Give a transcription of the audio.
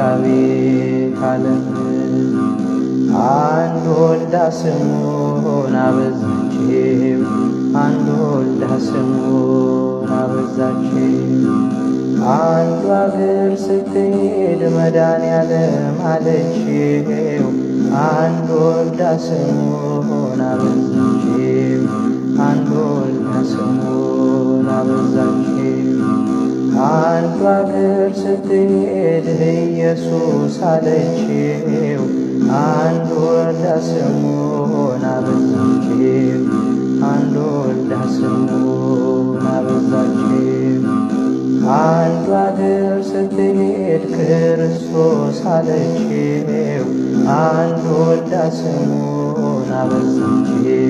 ዳዊት ዓለም አንድ ወልዳ ስሙን አበዛችው አንድ ወልዳ ስሙን አበዛችው አንዱ አገር ስትሄድ መድኃኒዓለም አለችው አንድ ወልዳ ስሙን አበዛችው አንድ ወልዳ ስሙን አበዛችው አባክር ስትሄድ ኢየሱስ አለችው። አንድ ወልዳ ስሙን አበዛችው፣ አንድ ወልዳ ስሙን አበዛችው። አንድ አገር ስትሄድ ክርስቶስ አለችው፣ አንድ ወልዳ ስሙን አበዛችው